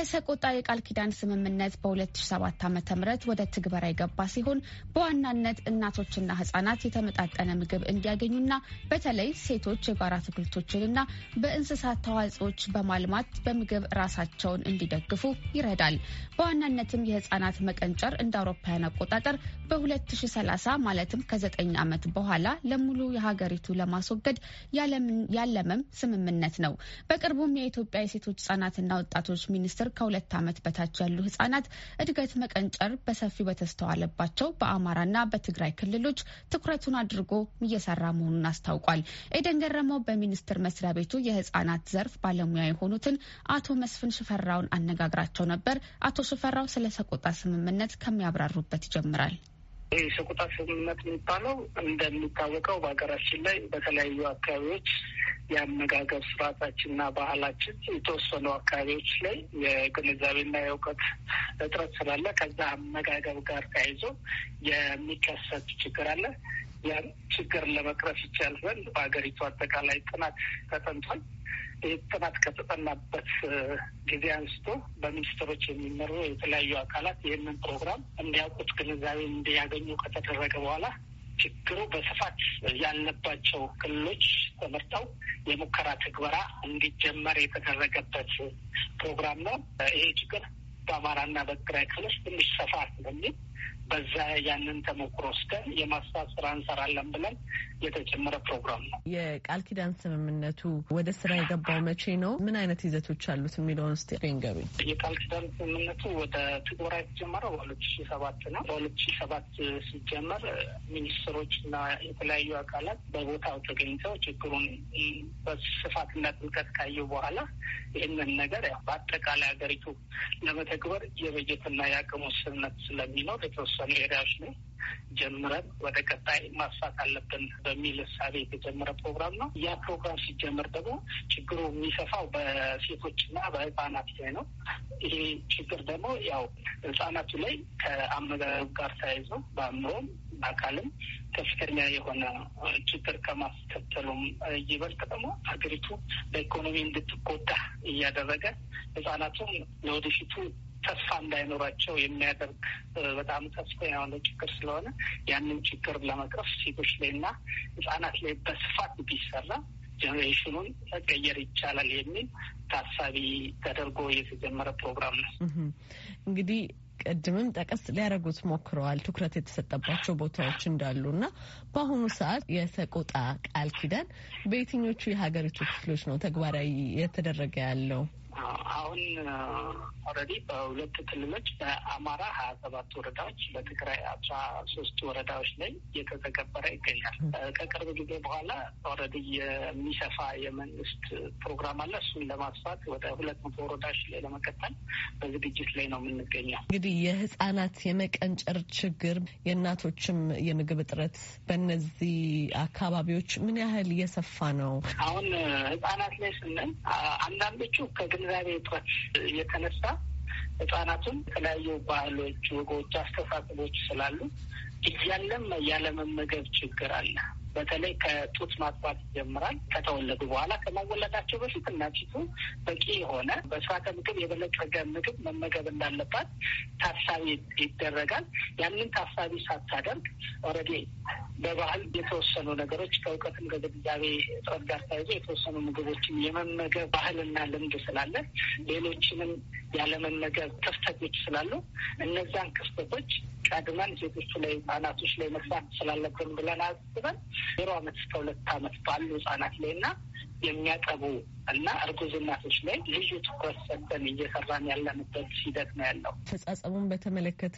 የሰቆጣ የቃል ኪዳን ስምምነት በ2007 ዓ ም ወደ ትግበራ የገባ ሲሆን በዋናነት እናቶችና ህጻናት የተመጣጠነ ምግብ እንዲያገኙና በተለይ ሴቶች የጓሮ አትክልቶችንና በእንስሳት ተዋጽኦች በማልማት በምግብ ራሳቸውን እንዲደግፉ ይረዳል። በዋናነትም የህጻናት መቀንጨር እንደ አውሮፓውያን አቆጣጠር በ2030 ማለትም ከ9 ዓመት በኋላ ለሙሉ የሀገሪቱ ለማስወገድ ያለምም ስምምነት ነው። በቅርቡም የኢትዮጵያ የሴቶች ህጻናትና ወጣቶች ሚኒስትር ቁጥር ከሁለት ዓመት በታች ያሉ ህጻናት እድገት መቀንጨር በሰፊው በተስተዋለባቸው በአማራና በትግራይ ክልሎች ትኩረቱን አድርጎ እየሰራ መሆኑን አስታውቋል። ኤደን ገረመው በሚኒስቴር መስሪያ ቤቱ የህጻናት ዘርፍ ባለሙያ የሆኑትን አቶ መስፍን ሽፈራውን አነጋግራቸው ነበር። አቶ ሽፈራው ስለ ሰቆጣ ስምምነት ከሚያብራሩበት ይጀምራል። ይህ ሰቆጣ ስምምነት የሚባለው እንደሚታወቀው በሀገራችን ላይ በተለያዩ አካባቢዎች የአመጋገብ ስርዓታችንና ባህላችን የተወሰኑ አካባቢዎች ላይ የግንዛቤና የእውቀት እጥረት ስላለ ከዛ አመጋገብ ጋር ተያይዞ የሚከሰት ችግር አለ። ያን ችግር ለመቅረፍ ይቻል ዘንድ በሀገሪቱ አጠቃላይ ጥናት ተጠንቷል። ይህ ጥናት ከተጠናበት ጊዜ አንስቶ በሚኒስትሮች የሚመሩ የተለያዩ አካላት ይህንን ፕሮግራም እንዲያውቁት ግንዛቤ እንዲያገኙ ከተደረገ በኋላ ችግሩ በስፋት ያለባቸው ክልሎች ተመርጠው የሙከራ ትግበራ እንዲጀመር የተደረገበት ፕሮግራም ነው። ይሄ ችግር በአማራና በትግራይ ክልል ትንሽ ሰፋ ስለሚል በዛ ያንን ተሞክሮ ወስደን የማስፋት ስራ እንሰራለን ብለን የተጀመረ ፕሮግራም ነው። የቃል ኪዳን ስምምነቱ ወደ ስራ የገባው መቼ ነው? ምን አይነት ይዘቶች አሉት የሚለውን ስ ንገሩኝ። የቃል ኪዳን ስምምነቱ ወደ ትግበራ የተጀመረው በሁለት ሺ ሰባት ነው። በሁለት ሺ ሰባት ሲጀመር ሚኒስትሮች እና የተለያዩ አካላት በቦታው ተገኝተው ችግሩን በስፋትና ጥልቀት ካየው በኋላ ይህንን ነገር ያው በአጠቃላይ ሀገሪቱ ለመተ ለመተግበር የበጀትና የአቅም ውስንነት ስለሚኖር የተወሰኑ ኤሪያዎች ላይ ጀምረን ወደ ቀጣይ ማስፋት አለብን በሚል እሳቤ የተጀመረ ፕሮግራም ነው። ያ ፕሮግራም ሲጀመር ደግሞ ችግሩ የሚሰፋው በሴቶችና በህፃናት ላይ ነው። ይሄ ችግር ደግሞ ያው ሕፃናቱ ላይ ከአመጋገብ ጋር ተያይዞ በአእምሮም በአካልም ከፍተኛ የሆነ ችግር ከማስከተሉም ይበልጥ ደግሞ ሀገሪቱ በኢኮኖሚ እንድትጎዳ እያደረገ ሕፃናቱም ለወደፊቱ ተስፋ እንዳይኖራቸው የሚያደርግ በጣም ተስፋ የሆነ ችግር ስለሆነ ያንን ችግር ለመቅረፍ ሴቶች ላይ እና ህጻናት ላይ በስፋት ቢሰራ ጀኔሬሽኑን መቀየር ይቻላል የሚል ታሳቢ ተደርጎ የተጀመረ ፕሮግራም ነው። እንግዲህ ቅድምም ጠቀስ ሊያደርጉት ሞክረዋል ትኩረት የተሰጠባቸው ቦታዎች እንዳሉ እና በአሁኑ ሰዓት የሰቆጣ ቃል ኪዳን በየትኞቹ የሀገሪቱ ክፍሎች ነው ተግባራዊ የተደረገ ያለው? አሁን ኦልሬዲ በሁለት ክልሎች በአማራ ሀያ ሰባት ወረዳዎች በትግራይ አስራ ሶስት ወረዳዎች ላይ እየተተገበረ ይገኛል። ከቅርብ ጊዜ በኋላ ኦልሬዲ የሚሰፋ የመንግስት ፕሮግራም አለ። እሱን ለማስፋት ወደ ሁለት መቶ ወረዳዎች ላይ ለመቀጠል በዝግጅት ላይ ነው የምንገኘው። እንግዲህ የህጻናት የመቀንጨር ችግር፣ የእናቶችም የምግብ እጥረት በእነዚህ አካባቢዎች ምን ያህል እየሰፋ ነው? አሁን ህጻናት ላይ ስንል አንዳንዶቹ ከግን ግንዛቤ እጦት የተነሳ ህጻናቱን የተለያዩ ባህሎች፣ ወጎች፣ አስተሳሰቦች ስላሉ እያለም ያለመመገብ ችግር አለ። በተለይ ከጡት ማጥባት ይጀምራል። ከተወለዱ በኋላ ከመወለዳቸው በፊት እናቲቱ በቂ የሆነ በስርዓተ ምግብ የበለጸገ ምግብ መመገብ እንዳለባት ታሳቢ ይደረጋል። ያንን ታሳቢ ሳታደርግ ኦልሬዲ በባህል የተወሰኑ ነገሮች ከእውቀትም ከግንዛቤ እጥረት ጋር ተያይዞ የተወሰኑ ምግቦችን የመመገብ ባህልና ልምድ ስላለ ሌሎችንም ያለመመገብ ክፍተቶች ስላሉ እነዛን ክፍተቶች አድመን ሴቶቹ ላይ ህጻናቶች ላይ መስራት ስላለብን ብለን አስበን ዜሮ አመት እስከ ሁለት አመት ባሉ ህጻናት ላይ እና የሚያጠቡ እና እርጉዝ እናቶች ላይ ልዩ ትኩረት ሰጠን እየሰራን ያለንበት ሂደት ነው ያለው። ተጻጸሙን በተመለከተ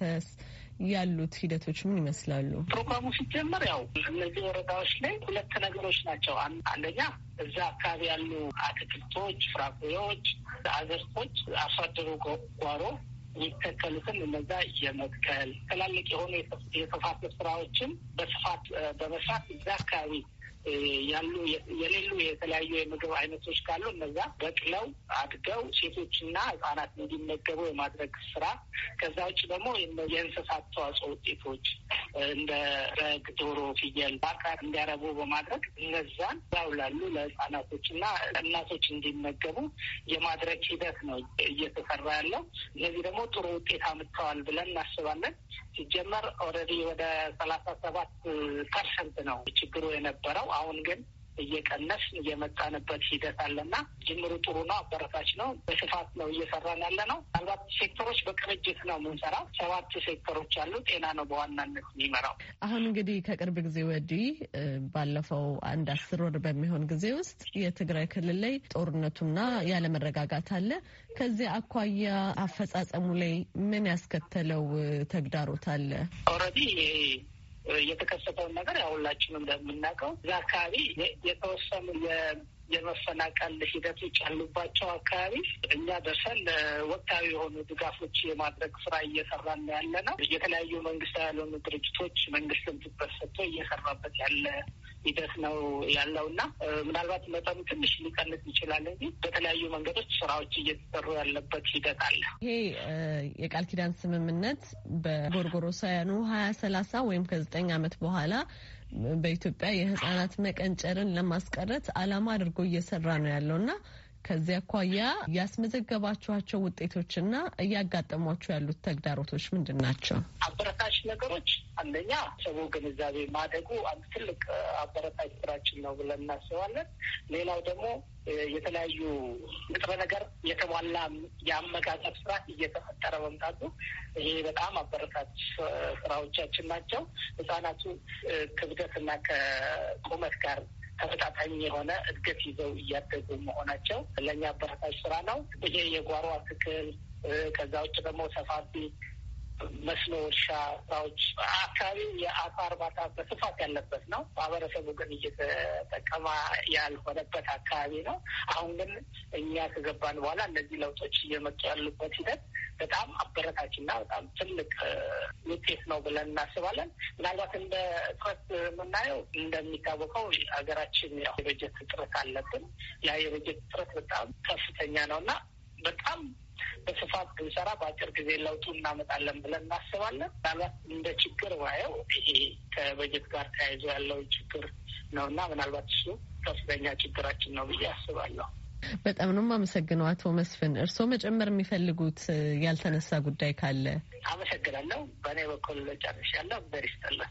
ያሉት ሂደቶች ምን ይመስላሉ? ፕሮግራሙ ሲጀመር ያው እነዚህ ወረዳዎች ላይ ሁለት ነገሮች ናቸው። አንደኛ እዛ አካባቢ ያሉ አትክልቶች፣ ፍራፍሬዎች፣ አዘርቶች አርሶ አደሩ ጓሮ የሚተከሉትን እነዛ የመትከል ትላልቅ የሆኑ የስፋት ስራዎችን በስፋት በመስራት እዚ አካባቢ ያሉ የሌሉ የተለያዩ የምግብ አይነቶች ካሉ እነዛ በቅለው አድገው ሴቶችና ህጻናት እንዲመገቡ የማድረግ ስራ። ከዛ ውጭ ደግሞ የእንስሳት ተዋጽኦ ውጤቶች እንደ በግ፣ ዶሮ፣ ፍየል፣ ባካ እንዲያረቡ በማድረግ እነዛን ዛው ላሉ ለህጻናቶችና እናቶች እንዲመገቡ የማድረግ ሂደት ነው እየተሰራ ያለው። እነዚህ ደግሞ ጥሩ ውጤት አምጥተዋል ብለን እናስባለን። ሲጀመር ኦልሬዲ ወደ ሰላሳ ሰባት ፐርሰንት ነው ችግሩ የነበረው አሁን ግን እየቀነስ እየመጣንበት ሂደት አለና ጅምሩ ጥሩ ነው፣ አበረታች ነው። በስፋት ነው እየሰራን ያለ ነው። አልባት ሴክተሮች በቅንጅት ነው የምንሰራው። ሰባት ሴክተሮች አሉ። ጤና ነው በዋናነት የሚመራው። አሁን እንግዲህ ከቅርብ ጊዜ ወዲህ ባለፈው አንድ አስር ወር በሚሆን ጊዜ ውስጥ የትግራይ ክልል ላይ ጦርነቱና ያለመረጋጋት አለ። ከዚህ አኳያ አፈጻጸሙ ላይ ምን ያስከተለው ተግዳሮት አለ? ኦልሬዲ የተከሰተውን ነገር ያው ሁላችንም እንደምናውቀው እዛ አካባቢ የተወሰኑ የመፈናቀል ሂደቶች ያሉባቸው አካባቢ እኛ ደርሰን ወቅታዊ የሆኑ ድጋፎች የማድረግ ስራ እየሰራን ያለ ነው። የተለያዩ መንግስታዊ ያልሆኑ ድርጅቶች መንግስትን ትኩረት ሰጥቶ እየሰራበት ያለ ሂደት ነው ያለው እና ምናልባት መጠኑ ትንሽ ሊቀንስ ይችላል እንጂ በተለያዩ መንገዶች ስራዎች እየተሰሩ ያለበት ሂደት አለ። ይሄ የቃል ኪዳን ስምምነት በጎርጎሮሳውያኑ ሀያ ሰላሳ ወይም ከዘጠኝ ዓመት በኋላ በኢትዮጵያ የህጻናት መቀንጨርን ለማስቀረት አላማ አድርጎ እየሰራ ነው ያለው እና ከዚያ አኳያ ያስመዘገባችኋቸው ውጤቶችና እያጋጠሟቸው ያሉት ተግዳሮቶች ምንድን ናቸው? አበረታች ነገሮች አንደኛ ሰው ግንዛቤ ማደጉ አንድ ትልቅ አበረታች ስራችን ነው ብለን እናስባለን። ሌላው ደግሞ የተለያዩ ንጥረ ነገር የተሟላ የአመጋገብ ስራ እየተፈጠረ መምጣቱ ይሄ በጣም አበረታች ስራዎቻችን ናቸው። ህጻናቱ ክብደትና ከቁመት ጋር ተመጣጣኝ የሆነ እድገት ይዘው እያደጉ መሆናቸው ለእኛ አበረታች ስራ ነው። ይሄ የጓሮ አትክል ከዛ ውጭ ደግሞ ሰፋፊ መስኖ እርሻ ስራዎች አካባቢው የአሳ እርባታ በስፋት ያለበት ነው። ማህበረሰቡ ግን እየተጠቀመ ያልሆነበት አካባቢ ነው። አሁን ግን እኛ ከገባን በኋላ እነዚህ ለውጦች እየመጡ ያሉበት ሂደት በጣም አበረታችና በጣም ትልቅ ውጤት ነው ብለን እናስባለን። ምናልባት እንደ ጥረት የምናየው እንደሚታወቀው ሀገራችን ያው የበጀት እጥረት አለብን። ያ የበጀት እጥረት በጣም ከፍተኛ ነው እና በጣም በስፋት ብንሰራ በአጭር ጊዜ ለውጡ እናመጣለን ብለን እናስባለን። ምናልባት እንደ ችግር ባየው ይሄ ከበጀት ጋር ተያይዞ ያለው ችግር ነው እና ምናልባት እሱ ከፍተኛ ችግራችን ነው ብዬ አስባለሁ። በጣም ነው አመሰግነው። አቶ መስፍን እርስዎ መጨመር የሚፈልጉት ያልተነሳ ጉዳይ ካለ? አመሰግናለሁ። በእኔ በኩል ጨርሻለሁ። በሪስጠላ